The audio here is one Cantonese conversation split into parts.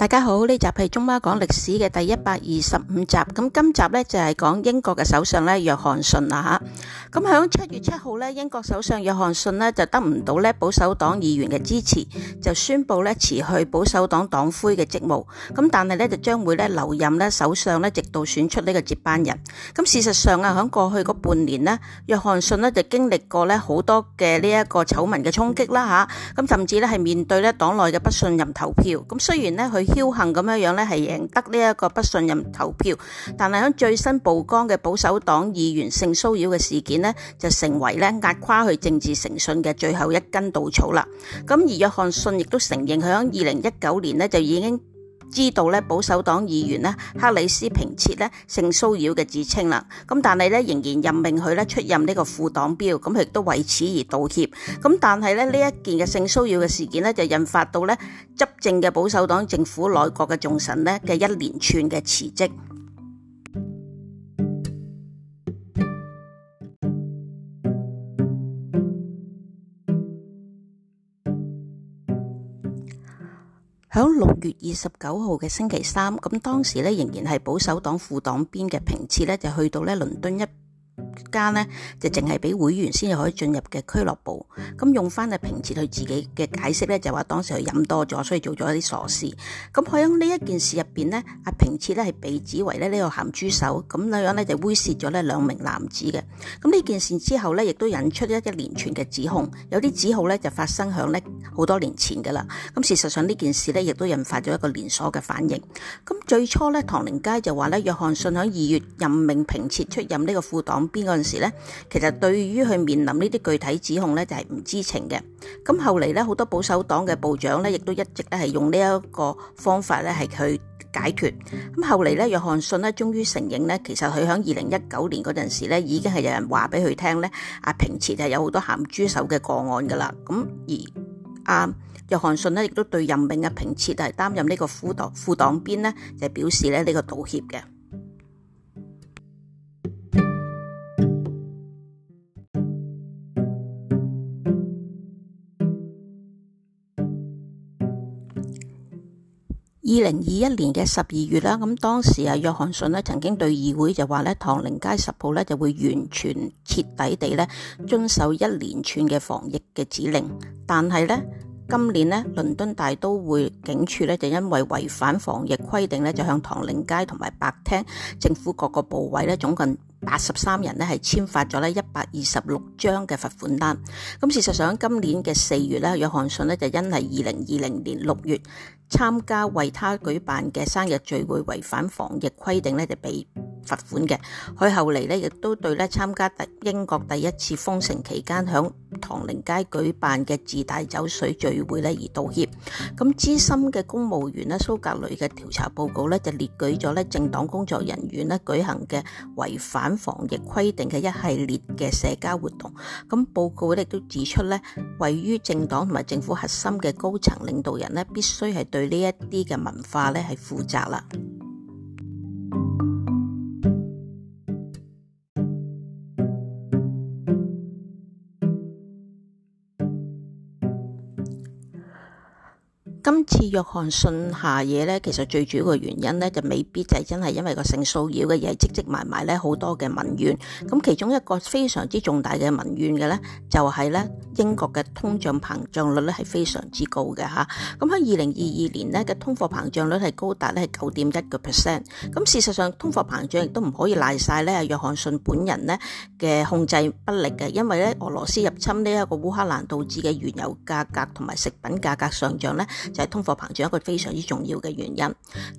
大家好，呢集係中媽講歷史嘅第一百二十五集，咁今集呢就係講英國嘅首相咧約翰遜啦吓，咁響七月七號呢，英國首相約翰遜呢就得唔到咧保守黨議員嘅支持，就宣布呢辭去保守黨黨魁嘅職務，咁但係呢，就將會咧留任咧首相咧直到選出呢個接班人，咁事實上啊響過去嗰半年呢，約翰遜呢就經歷過呢好多嘅呢一個醜聞嘅衝擊啦吓，咁甚至咧係面對呢黨內嘅不信任投票，咁雖然呢佢。僥幸咁樣樣咧，係贏得呢一個不信任投票，但係喺最新曝光嘅保守黨議員性騷擾嘅事件呢，就成為咧壓垮去政治誠信嘅最後一根稻草啦。咁而約翰遜亦都承認，佢喺二零一九年呢，就已經。知道咧保守黨議員咧克里斯平切咧性騷擾嘅自稱啦，咁但係咧仍然任命佢咧出任呢個副黨標，咁亦都為此而道歉。咁但係咧呢一件嘅性騷擾嘅事件咧就引發到咧執政嘅保守黨政府內閣嘅眾臣咧嘅一連串嘅辭職。喺六月二十九號嘅星期三，咁當時咧仍然係保守黨副黨鞭嘅平次咧就去到咧倫敦一間呢就淨係俾會員先至可以進入嘅俱樂部，咁用翻阿平切佢自己嘅解釋呢，就話當時佢飲多咗，所以做咗一啲傻事。咁喺呢一件事入邊呢，阿平切呢係被指為咧呢個鹹豬手，咁樣樣咧就猥褻咗呢兩名男子嘅。咁呢件事之後呢，亦都引出一連串嘅指控，有啲指控呢就發生響咧好多年前噶啦。咁事實上呢件事呢，亦都引發咗一個連鎖嘅反應。咁最初呢，唐寧街就話呢，約翰遜喺二月任命平切出任呢個副黨鞭嗰陣時咧，其實對於佢面臨呢啲具體指控咧，就係、是、唔知情嘅。咁後嚟咧，好多保守黨嘅部長咧，亦都一直咧係用呢一個方法咧，係去解決。咁後嚟咧，約翰遜咧，終於承認咧，其實佢喺二零一九年嗰陣時咧，已經係有人話俾佢聽咧，阿平切就有好多鹹豬手嘅個案噶啦。咁而阿、啊、約翰遜咧，亦都對任命嘅平切係擔任呢個副黨副黨鞭咧，就表示咧呢個道歉嘅。二零二一年嘅十二月啦，咁當時啊，約翰遜咧曾經對議會就話咧，唐寧街十號咧就會完全徹底地咧遵守一連串嘅防疫嘅指令。但係咧，今年咧，倫敦大都會警署咧就因為違反防疫規定咧，就向唐寧街同埋白廳政府各個部位咧總共。八十三人咧係簽發咗咧一百二十六張嘅罰款單。咁事實上今年嘅四月咧，約翰遜咧就因係二零二零年六月參加為他舉辦嘅生日聚會違反防疫規定咧，就被。罰款嘅，佢後嚟咧亦都對咧參加第英國第一次封城期間響唐寧街舉辦嘅自帶酒水聚會咧而道歉。咁資深嘅公務員咧蘇格雷嘅調查報告咧就列舉咗咧政黨工作人員咧舉行嘅違反防疫規定嘅一系列嘅社交活動。咁報告咧亦都指出咧，位於政黨同埋政府核心嘅高層領導人呢，必須係對呢一啲嘅文化咧係負責啦。今次約翰遜下野咧，其實最主要嘅原因咧，就未必就係真係因為個性騷擾嘅嘢積積埋埋咧，好多嘅民怨。咁其中一個非常之重大嘅民怨嘅咧，就係咧英國嘅通脹膨脹率咧係非常之高嘅吓。咁喺二零二二年咧嘅通貨膨脹率係高達咧係九點一個 percent。咁、hmm. 事實上通貨膨脹亦都唔可以賴晒咧約翰遜本人咧嘅控制不力嘅，因為咧俄羅斯入侵呢一個烏克蘭導致嘅原油價格同埋食品價格上漲咧。就係通貨膨脹一個非常之重要嘅原因。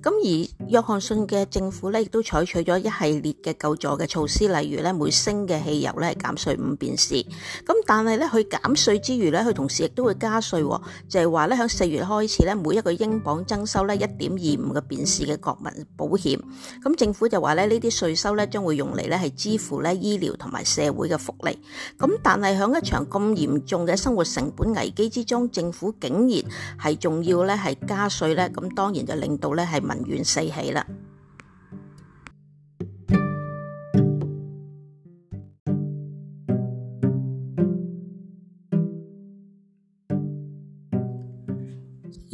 咁而約翰遜嘅政府咧，亦都採取咗一系列嘅救助嘅措施，例如咧每升嘅汽油咧係減稅五便士。咁但係咧佢減稅之餘咧，佢同時亦都會加稅、哦，就係話咧響四月開始咧，每一個英鎊徵收咧一點二五嘅便士嘅國民保險。咁政府就話咧呢啲稅收咧將會用嚟咧係支付咧醫療同埋社會嘅福利。咁但係響一場咁嚴重嘅生活成本危機之中，政府竟然係仲要咧係加稅咧，咁當然就令到咧係民怨四起啦。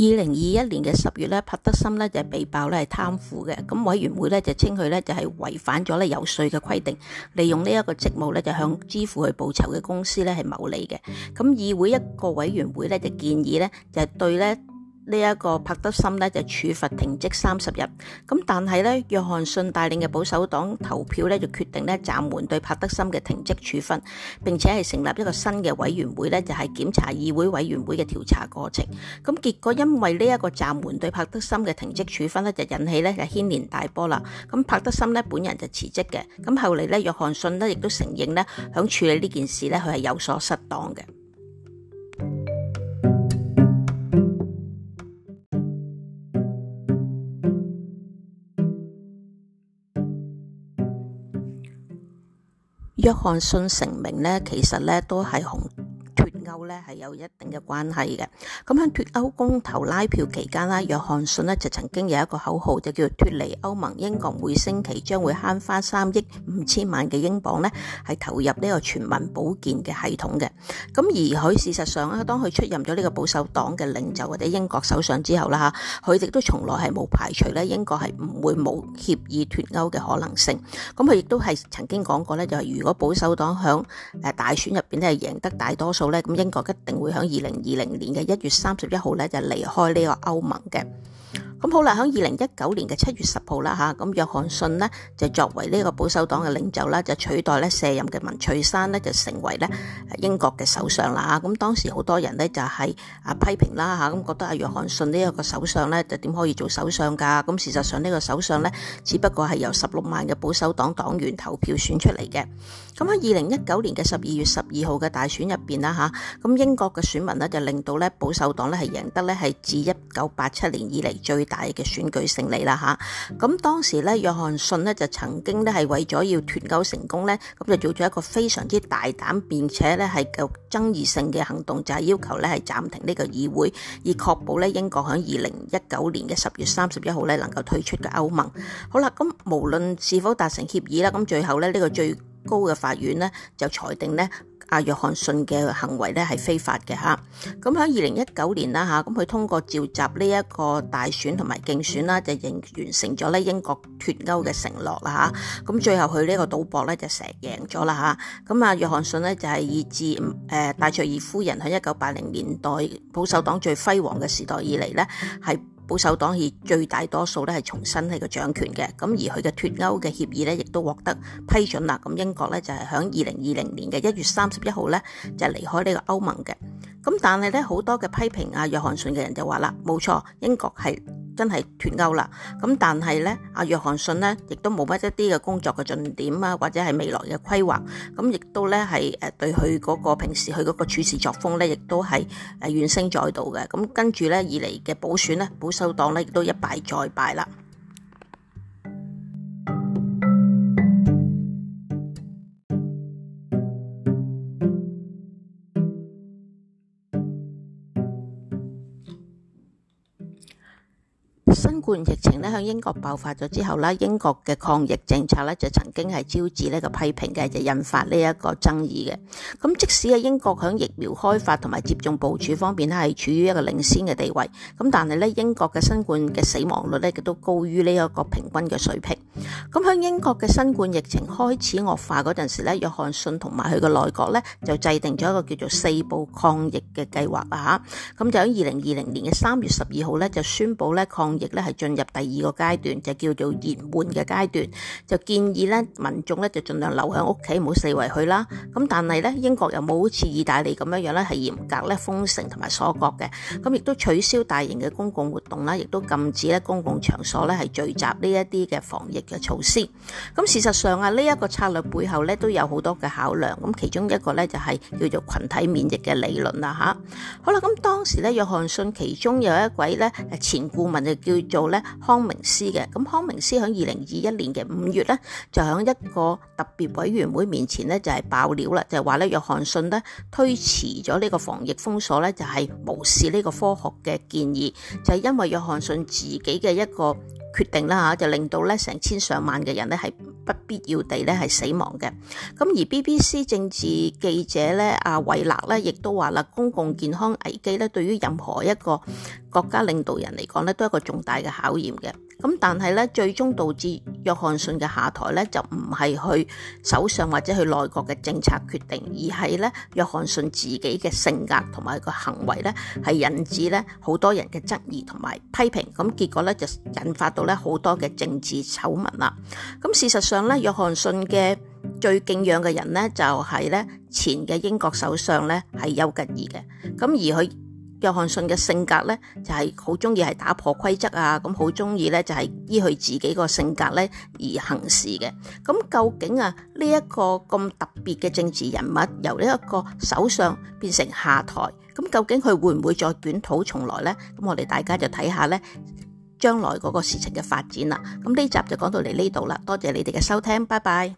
二零二一年嘅十月咧，帕德森咧就被爆咧係貪腐嘅，咁委員會咧就稱佢咧就係違反咗咧遊説嘅規定，利用呢一個職務咧就向支付佢報酬嘅公司咧係牟利嘅。咁議會一個委員會咧就建議咧就係對咧。呢一個帕德森咧就處罰停職三十日，咁但係咧，約翰遜帶領嘅保守黨投票咧就決定咧暫緩對帕德森嘅停職處分，並且係成立一個新嘅委員會咧，就係檢查議會委員會嘅調查過程。咁結果因為呢一個暫緩對帕德森嘅停職處分咧，就引起咧就牽連大波啦。咁帕德森咧本人就辭職嘅，咁後嚟咧，約翰遜咧亦都承認咧響處理呢件事咧，佢係有所失當嘅。約翰遜成名咧，其實咧都係紅歐咧係有一定嘅關係嘅，咁喺脱歐公投拉票期間啦，約翰遜呢就曾經有一個口號，就叫脱離歐盟，英國每星期將會慳翻三億五千萬嘅英鎊呢，係投入呢個全民保健嘅系統嘅。咁而佢事實上咧，當佢出任咗呢個保守黨嘅領袖或者英國首相之後啦，佢亦都從來係冇排除咧，英國係唔會冇協議脱歐嘅可能性。咁佢亦都係曾經講過咧，就係、是、如果保守黨響誒大選入邊咧係贏得大多數咧，咁英國一定會喺二零二零年嘅一月三十一號咧，就離開呢個歐盟嘅。咁好啦，喺二零一九年嘅七月十號啦，吓、啊、咁約翰遜呢，就作為呢個保守黨嘅領袖啦，就取代咧卸任嘅文翠珊呢就成為咧英國嘅首相啦。咁、啊、當時好多人咧就喺啊批評啦，吓、啊、咁覺得阿約翰遜呢一個首相咧就點可以做首相噶？咁、啊、事實上呢、呢個首相咧只不過係由十六萬嘅保守黨黨員投票選出嚟嘅。咁喺二零一九年嘅十二月十二號嘅大選入邊啦，吓、啊、咁、啊、英國嘅選民咧就令到咧保守黨咧係贏得咧係自一九八七年以嚟最大嘅選舉勝利啦嚇，咁、啊、當時咧，約翰遜咧就曾經咧係為咗要團購成功咧，咁就做咗一個非常之大膽並且咧係夠爭議性嘅行動，就係、是、要求咧係暫停呢個議會，以確保咧英國喺二零一九年嘅十月三十一號咧能夠退出嘅歐盟。好啦，咁無論是否達成協議啦，咁最後咧呢、這個最高嘅法院呢就裁定呢。阿約翰遜嘅行為咧係非法嘅吓，咁喺二零一九年啦吓，咁佢通過召集呢一個大選同埋競選啦，就完完成咗咧英國脱歐嘅承諾啦吓，咁最後佢呢個賭博咧就成贏咗啦吓，咁阿約翰遜咧就係以至誒戴卓爾夫人喺一九八零年代保守黨最輝煌嘅時代以嚟咧係。保守黨以最大多數重新係個掌權嘅，而佢嘅脫歐嘅協議咧，亦都獲得批准啦。英國咧就係響二零二零年嘅一月三十一號咧就離開呢個歐盟嘅。咁但係咧，好多嘅批評阿約翰遜嘅人就話啦，冇錯，英國係。真係脫鉤啦！咁但係呢，阿約翰遜呢亦都冇乜一啲嘅工作嘅進點啊，或者係未來嘅規劃。咁亦都呢係誒對佢嗰個平時佢嗰個處事作風呢，亦都係誒怨聲載道嘅。咁跟住呢，以嚟嘅補選呢，保守黨呢亦都一敗再敗啦。新冠疫情咧，向英國爆發咗之後啦，英國嘅抗疫政策咧就曾經係招致呢個批評嘅，就引發呢一個爭議嘅。咁即使係英國響疫苗開發同埋接種部署方面咧係處於一個領先嘅地位，咁但係咧英國嘅新冠嘅死亡率咧亦都高於呢一個平均嘅水平。咁響英國嘅新冠疫情開始惡化嗰陣時咧，約翰遜同埋佢嘅內閣咧就制定咗一個叫做四步抗疫嘅計劃啦吓。咁就喺二零二零年嘅三月十二號咧就宣布咧抗。亦咧係進入第二個階段，就叫做延緩嘅階段，就建議咧民眾咧就盡量留喺屋企，唔好四圍去啦。咁但係咧，英國又冇好似意大利咁樣樣咧，係嚴格咧封城同埋鎖國嘅。咁亦都取消大型嘅公共活動啦，亦都禁止咧公共場所咧係聚集呢一啲嘅防疫嘅措施。咁事實上啊，呢一個策略背後咧都有好多嘅考量。咁其中一個咧就係叫做群體免疫嘅理論啦吓。好啦，咁當時咧約翰遜其中有一位咧誒前顧問嘅。叫做咧康明斯嘅，咁康明斯喺二零二一年嘅五月咧，就喺一個特別委員會面前咧，就係、是、爆料啦，就係話咧約翰遜咧推遲咗呢個防疫封鎖咧，就係、是、無視呢個科學嘅建議，就係、是、因為約翰遜自己嘅一個決定啦吓、啊，就令到咧成千上萬嘅人咧係不必要地咧係死亡嘅。咁而 BBC 政治記者咧阿維納咧，亦、啊、都話啦，公共健康危機咧對於任何一個。國家領導人嚟講咧，都係一個重大嘅考驗嘅。咁但係咧，最終導致約翰遜嘅下台咧，就唔係去首相或者去內閣嘅政策決定，而係咧約翰遜自己嘅性格同埋個行為咧，係引致咧好多人嘅質疑同埋批評。咁結果咧就引發到咧好多嘅政治醜聞啦。咁事實上咧，約翰遜嘅最敬仰嘅人咧，就係、是、咧前嘅英國首相咧係丘吉爾嘅。咁而佢。約翰遜嘅性格呢，就係好鍾意係打破規則啊，咁好鍾意咧就係依佢自己個性格咧而行事嘅。咁究竟啊呢一個咁特別嘅政治人物由呢一個首相變成下台，咁究竟佢會唔會再捲土重來呢？咁我哋大家就睇下咧將來嗰個事情嘅發展啦。咁呢集就講到嚟呢度啦，多謝你哋嘅收聽，拜拜。